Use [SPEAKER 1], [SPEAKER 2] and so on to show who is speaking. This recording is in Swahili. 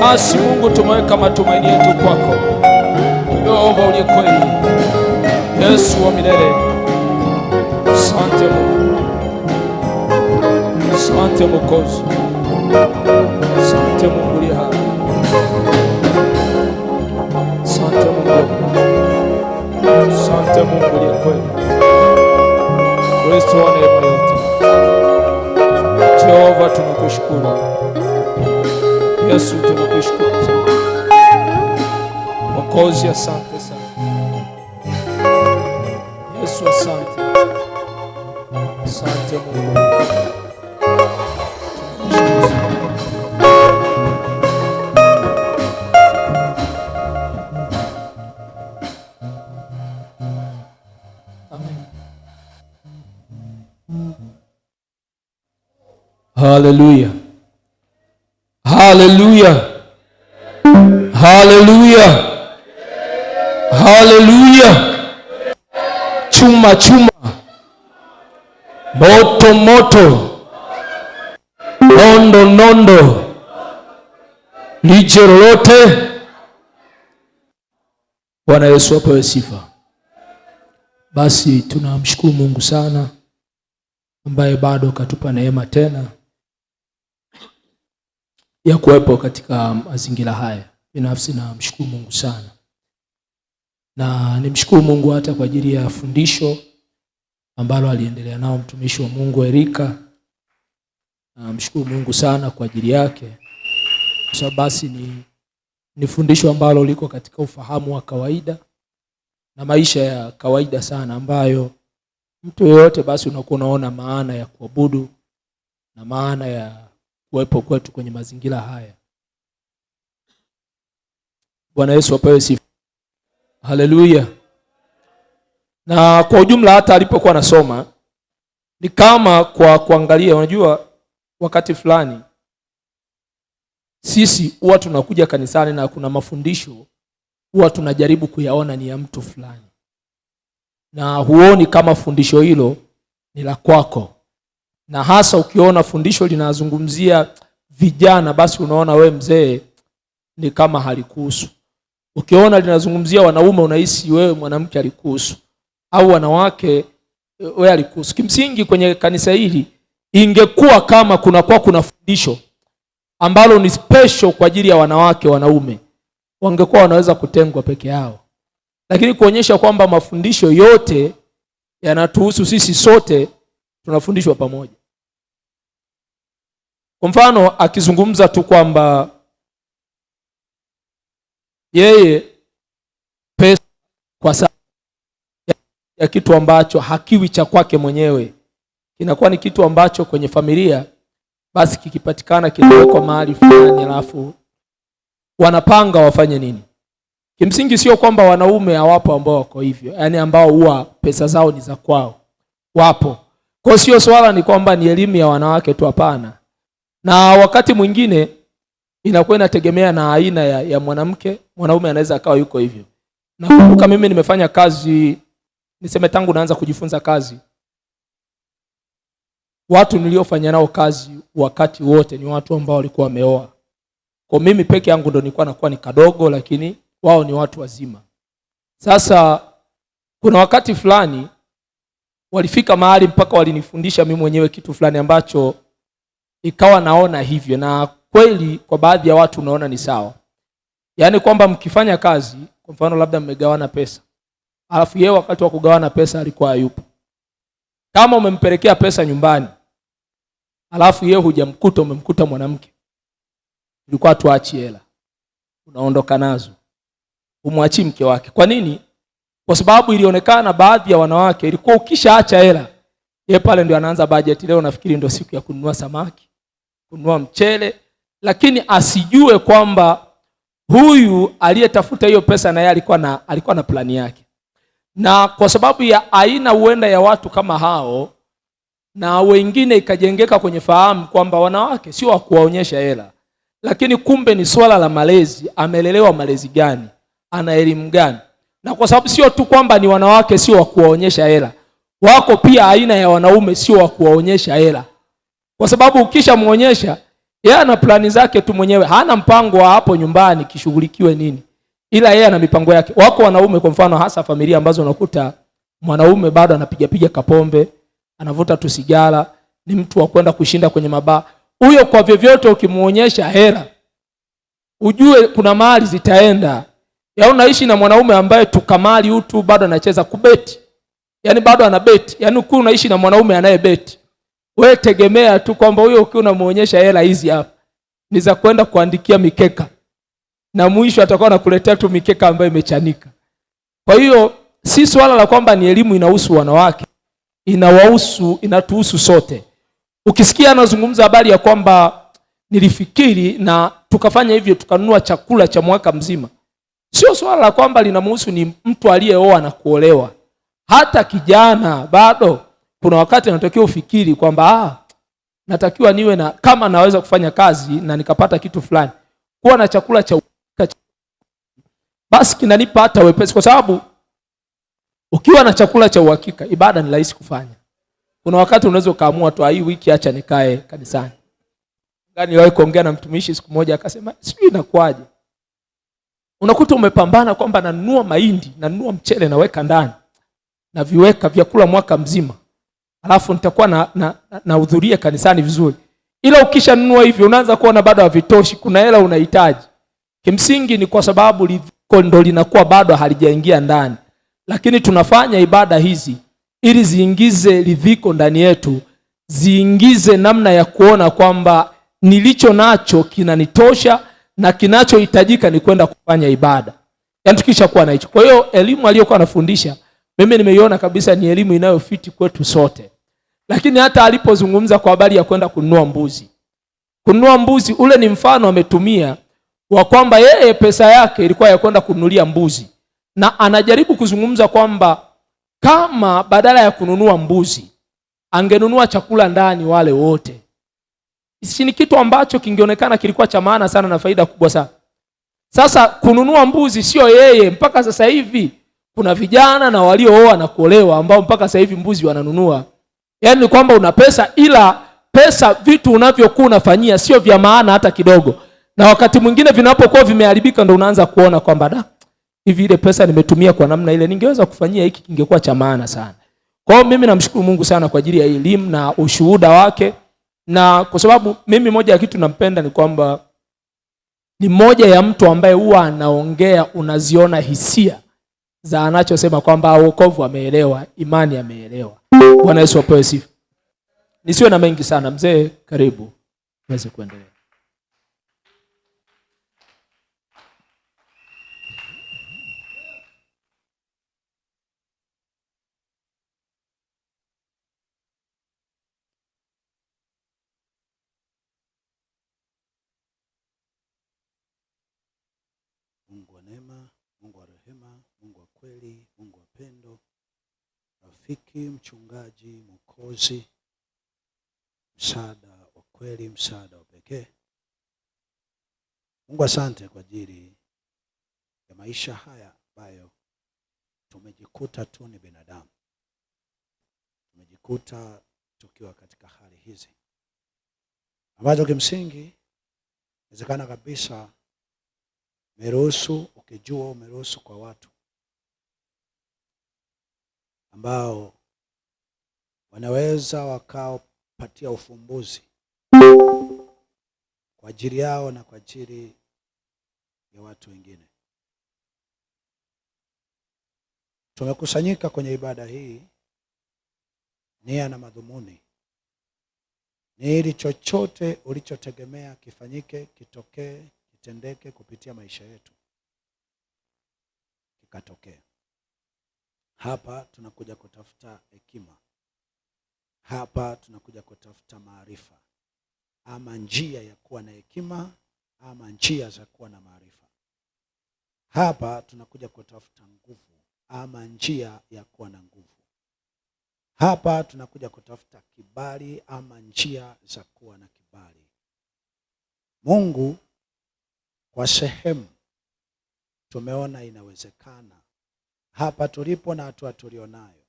[SPEAKER 1] Nasi Mungu tumeweka matumaini yetu kwako, Yehova uliye kweli, Yesu wa milele. Asante Mungu, asante Mwokozi, asante Mungu uliye hai, asante Mungu, asante Mungu uliye kweli, Kristo wa neema yote, Jehova tunakushukuru. sutama kushkuta. Makozi asante é é sana. Yesu asante. Asante é
[SPEAKER 2] Amém. Hallelujah. Haleluya, haleluya, haleluya! Chuma chuma, moto moto, nondo nondo, lije lolote. Bwana Yesu apewe sifa. Basi tunamshukuru Mungu sana ambaye bado katupa neema tena ya kuwepo katika mazingira haya. Binafsi namshukuru Mungu sana, na nimshukuru Mungu hata kwa ajili ya fundisho ambalo aliendelea nao mtumishi wa Mungu Erika. Namshukuru Mungu sana kwa ajili yake, kwa basi ni, ni fundisho ambalo liko katika ufahamu wa kawaida na maisha ya kawaida sana ambayo mtu yeyote basi unakuwa unaona maana ya kuabudu na maana ya kuwepo kwetu kwenye mazingira haya. Bwana Yesu apewe sifa. Haleluya. Na kwa ujumla, hata alipokuwa anasoma ni kama kwa kuangalia, unajua wakati fulani sisi huwa tunakuja kanisani na kuna mafundisho huwa tunajaribu kuyaona ni ya mtu fulani, na huoni kama fundisho hilo ni la kwako na hasa ukiona fundisho linazungumzia vijana, basi unaona we mzee ni kama halikuhusu. Ukiona linazungumzia wanaume, unahisi wewe mwanamke alikuhusu au wanawake, we alikuhusu Kimsingi kwenye kanisa hili ingekuwa kama kunakuwa kuna fundisho ambalo ni special kwa ajili ya wanawake, wanaume wangekuwa wanaweza kutengwa peke yao, lakini kuonyesha kwamba mafundisho yote yanatuhusu sisi sote, tunafundishwa pamoja. Kwa mfano akizungumza tu kwamba yeye pesa kwa sababu ya kitu ambacho hakiwi cha kwake mwenyewe, kinakuwa ni kitu ambacho kwenye familia basi kikipatikana kinawekwa mahali fulani, alafu wanapanga wafanye nini. Kimsingi sio kwamba wanaume hawapo ambao wako hivyo, yaani ambao huwa pesa zao ni za kwao, wapo. Kwa hiyo sio swala ni kwamba ni elimu ya wanawake tu, hapana na wakati mwingine inakuwa inategemea na aina ya, ya mwanamke. Mwanaume anaweza akawa yuko hivyo. Nakumbuka mimi nimefanya kazi, niseme tangu naanza kujifunza kazi, watu niliofanya nao kazi wakati wote ni watu ambao walikuwa wameoa. Kwa mimi peke yangu ndo nilikuwa nakuwa ni kadogo, lakini wao ni watu wazima. Sasa kuna wakati fulani walifika mahali mpaka walinifundisha mimi mwenyewe kitu fulani ambacho ikawa naona hivyo, na kweli kwa baadhi ya watu unaona ni sawa, yaani kwamba mkifanya kazi, kwa mfano labda mmegawana pesa, alafu yeye wakati wa kugawana pesa alikuwa hayupo. Kama umempelekea pesa nyumbani, alafu yeye hujamkuta, umemkuta mwanamke, ulikuwa tuachi hela, unaondoka nazo, umwachii mke wake. Kwa nini? Kwa sababu ilionekana baadhi ya wanawake ilikuwa ukishaacha hela, yeye pale ndio anaanza bajeti, leo nafikiri ndio siku ya kununua samaki kununua mchele, lakini asijue kwamba huyu aliyetafuta hiyo pesa na yeye alikuwa na, alikuwa na plani yake, na kwa sababu ya aina huenda ya watu kama hao na wengine ikajengeka kwenye fahamu kwamba wanawake sio wakuwaonyesha kuwaonyesha hela, lakini kumbe ni swala la malezi. Amelelewa malezi gani? Ana elimu gani? Na kwa sababu sio tu kwamba ni wanawake sio wakuwaonyesha kuwaonyesha hela, wako pia aina ya wanaume sio wakuwaonyesha kuwaonyesha hela kwa sababu ukishamwonyesha yeye ana plani zake tu mwenyewe, hana mpango wa hapo nyumbani kishughulikiwe nini, ila yeye ana mipango yake. Wako wanaume kwa mfano, hasa familia ambazo unakuta mwanaume bado anapiga piga kapombe, anavuta tu sigara, ni mtu wa kwenda kushinda kwenye mabaa. Huyo kwa vyovyote ukimuonyesha hera, ujue kuna mali zitaenda. Ya unaishi na mwanaume ambaye tukamali utu bado anacheza kubeti, yani bado anabeti, yani ukiwa unaishi na mwanaume anayebeti We tegemea tu kwamba huyo ukiwa unamuonyesha hela hizi hapa ni za kwenda kuandikia mikeka, na mwisho atakuwa anakuletea tu mikeka ambayo imechanika. Kwa hiyo si swala la kwamba ni elimu inahusu wanawake, inawahusu, inatuhusu sote. Ukisikia anazungumza habari ya kwamba nilifikiri na tukafanya hivyo, tukanunua chakula cha mwaka mzima, sio swala la kwamba linamhusu ni mtu aliyeoa na kuolewa, hata kijana bado kuna wakati natakiwa ufikiri kwamba ah, natakiwa niwe na kama naweza kufanya kazi na nikapata kitu fulani, kuwa na chakula cha basi kinanipa hata wepesi, kwa sababu ukiwa na chakula cha uhakika ibada ni rahisi kufanya. Kuna wakati unaweza ukaamua tu, hii wiki acha nikae kanisani. Niliwahi kuongea na mtumishi siku moja, akasema sijui inakuwaje, unakuta umepambana kwamba nanunua mahindi nanunua mchele naweka ndani na viweka vyakula mwaka mzima alafu nitakuwa nahudhuria na, na kanisani vizuri. Ila ukishanunua hivyo unaanza kuona bado havitoshi, kuna hela unahitaji. Kimsingi ni kwa sababu liko ndo linakuwa bado halijaingia ndani, lakini tunafanya ibada hizi ili ziingize lidhiko ndani yetu, ziingize namna ya kuona kwamba nilicho nacho kinanitosha na kinachohitajika ni kwenda kufanya ibada, yaani tukisha kuwa na hicho. Kwa hiyo elimu aliyokuwa anafundisha mimi nimeiona kabisa ni elimu inayofiti kwetu sote, lakini hata alipozungumza kwa habari ya kwenda kununua mbuzi, kununua mbuzi ule ni mfano ametumia wa kwamba yeye pesa yake ilikuwa ya kwenda kununulia mbuzi, na anajaribu kuzungumza kwamba kama badala ya kununua mbuzi angenunua chakula ndani wale wote, si ni kitu ambacho kingeonekana kilikuwa cha maana sana na faida kubwa sana. Sasa kununua mbuzi sio yeye, mpaka sasa hivi kuna vijana na waliooa na kuolewa ambao mpaka sasa hivi mbuzi wananunua. Yaani ni kwamba una pesa, ila pesa, vitu unavyokuwa unafanyia sio vya maana hata kidogo, na wakati mwingine vinapokuwa vimeharibika, ndo unaanza kuona kwamba da, hivi ile pesa nimetumia kwa namna ile, ningeweza kufanyia hiki, kingekuwa cha maana sana. Kwa hiyo mimi namshukuru Mungu sana kwa ajili ya elimu na ushuhuda wake, na kwa sababu mimi moja ya kitu nampenda ni kwamba ni moja ya mtu ambaye huwa anaongea, unaziona hisia za anachosema kwamba wokovu ameelewa, imani ameelewa. Bwana Yesu apewe sifa. Nisiwe na mengi sana mzee, karibu uweze kuendelea.
[SPEAKER 1] Mungu wa rehema, Mungu kweli, Mungu wa pendo, rafiki, mchungaji, mwokozi, msaada wa kweli, msaada wa pekee. Mungu, asante kwa ajili ya maisha haya ambayo tumejikuta tu ni binadamu, tumejikuta tukiwa katika hali hizi ambazo kimsingi inawezekana kabisa umeruhusu ukijua, umeruhusu kwa watu ambao wanaweza wakaopatia ufumbuzi kwa ajili yao na kwa ajili ya watu wengine. Tumekusanyika kwenye ibada hii, nia na madhumuni ni ili chochote ulichotegemea kifanyike, kitokee, kitendeke kupitia maisha yetu kikatokee. Hapa tunakuja kutafuta hekima, hapa tunakuja kutafuta maarifa, ama njia ya kuwa na hekima, ama njia za kuwa na maarifa. Hapa tunakuja kutafuta nguvu, ama njia ya kuwa na nguvu. Hapa tunakuja kutafuta kibali, ama njia za kuwa na kibali. Mungu, kwa sehemu tumeona inawezekana hapa tulipo na hatua tulionayo.